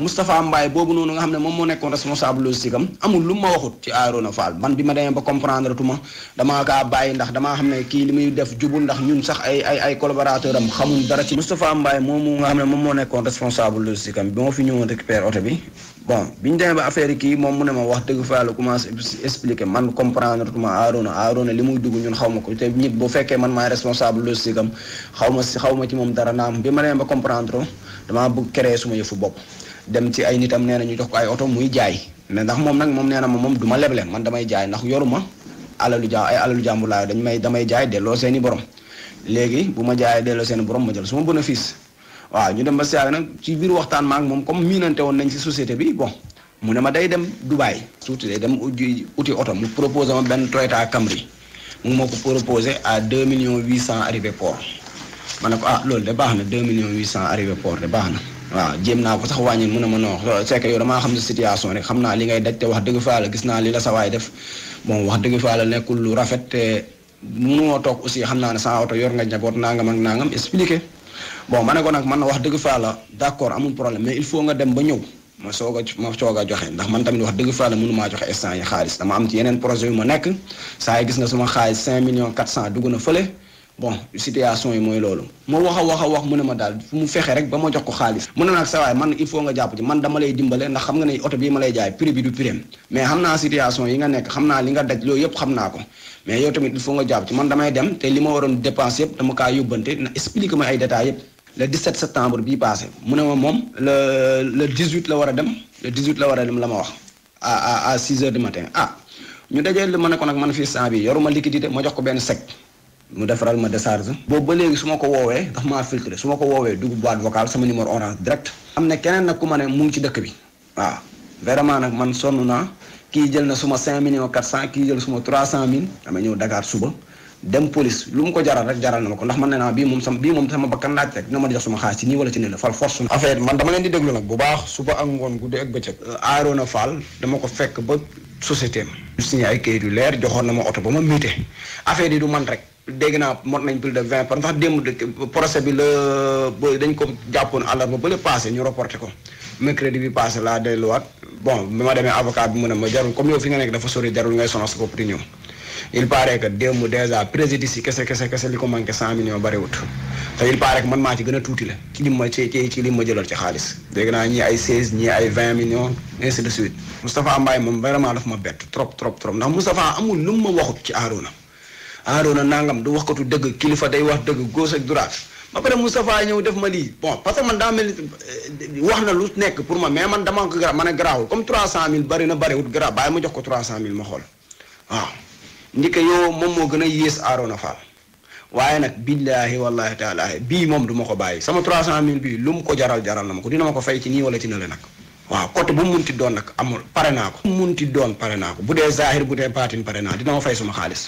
Moustapha Mbaye boobu noonu nga xam ne moom moo nekkoon responsable logistique am amul lu ma waxut ci Arouna Fall man bi ma demee ba bàyyi ndax damaa xam ne kii li muy def jubul ndax ñun sax ay ay ay collaborateur am xamul dara ci Moustapha Mbaye moomu nga xam ne moom moo nekkoon responsable logistique am bi ma fi ñëwoon récupérer oto bi bon bi kii moom mu ne ma wax dëgg fa yàlla commencé expliquer man comprendre tuma Arouna Arouna li muy dugg ñun xaw ma ko te nit bu fekkee man maay responsable logistique am xaw ma si xaw ma ci moom dara naam bi ma demee ba comprendre damaa bëgg créer suma yëfu bopp dem ci ay nitam nee na ñu jox ko ay oto muy jaay mais ndax moom nag moom nee na ma moom duma ma leble man damay jaay ndax yoruma alalu ja alalu jàmbur laa dañ may damay jaay delloo seeni i borom léegi bu ma jaayee delloo seeni i borom ma jël suma bénéfice waaw ñu dem ba saa na ci biir waxtaan maak moom comme miinante woon nañ si société bi bon mu ne ma day dem Dubaay surtout day dem uti oto mu proposé ma benn Toyota Camry mu ma ko proposé à 2 millions 800 arrivé port ma ne ko ah loolu de baax na 2 millions 800 arrivé port de baax na. waaw jéem naa ko sax wàññi mun a ma non c'est que yow damaa xam ne situation rek xam naa li ngay daj te wax dëgg faa la gis naa li la sa waay def bon wax dëgg faa nekkul lu rafet te toog aussi xam naa ne sa oto yor nga njaboot nangam ak nangam expliqué bon ma ne ko nag man wax dëgg faa la d'accord amul problème mais il faut nga dem ba ñëw ma soog a ma a joxe ndax man tamit wax dëgg faa la mënu joxe instant yi xaalis dama am ci yeneen projet yu ma nekk saa yi gis nga suma xaalis 5 millions 400 dugg na fële. bon situation yi mooy loolu moo wax a wax a wax mu ne ma daal mu fexe rek ba ma jox ko xaalis mu ne nag sa man il faut nga jàpp ci man dama lay dimbale ndax xam nga ne oto bii ma lay jaay prix bi du prix mais xam naa situation nga nekk xam naa li nga daj ko mais yow tamit il damay dem te li ma waroon dépense yëpp dama kaa yóbbante na explique ma ay détails yëpp le 17 septembre bii passé mu ne ma moom le le 18 la war a dem le 18 la war a dem la ma wax a à à 6 heures du matin ah ñu dajeel ma ne ko nag man fii saa bi yoruma liquidité ma jox ko benn sec mu defaral ma décharge boobu ba léegi su ma ko woowee daf maa filtré su ma ko woowee dugub boîte vocale sama numéro orange direct am na keneen nag ku ma ne mu ngi ci dëkk bi waaw vraiment nag man sonn naa kii jël na suma cinq millions quatre cent kii jël suma trois cent mille dama ñëw Dakar suba dem police lu mu ko jaral rek jaral na ma ko ndax man ne naa bii moom sama bakkan laaj rek na ma di jox suma xaalis ci nii wala ci ne la fal force affaire man dama ko fekk ba société am. ñu ay kayit yu leer joxoon na ma oto ba ma miite affaire yi du man rek dégg naa mot nañ plus de vingt par ndax démb procès bi la ba dañ ko jàppoon àllarba ba le ñu reporté ko. mercredi bi passé laa delluwaat bon bi ma demee avocat bi mu ne ma jarul comme yow fi nga nekk dafa sori jarul ngay sonal sa bopp di ñëw. il paraît que démb dèjà préjudice yi kese kese kese li ko manqué cent millions bariwut te il paraît que man maa ci gën a tuuti la ci li ma ci ci li ma jëloon ci xaalis dégg naa ñii ay seize ñii ay vingt millions ainsi de suite Moustapha Mbaye moom vraiment dafa ma bett trop trop trop ndax Moustapha amul lu mu ma waxut ci Arouna Arouna nangam du waxkatu dëgg kilifa day wax dëgg gauche ak droite ba pare Moustapha ñëw def ma lii bon parce que man daa mel eh, wax na lu nekk pour ma mais man dama a garaawul comme trois cent mille bari na bariwut garaaw bàyyi ma jox ko trois cent mille ma xool waaw ndika yoo moom moo gën a yées Arona Fall waaye nag billaahi wallaahi taalaahi bii moom duma ko bàyyi sama 300000 bii lu mu ko jaral jaral na ma ko dina ma ko fay ci nii wala ci le nag. waaw côté bu mu munti doon nag amul pare naa ko. bu mu munti doon pare naa ko bu dee Zahir bu dee baatin pare naa dina ma fay suma xaalis.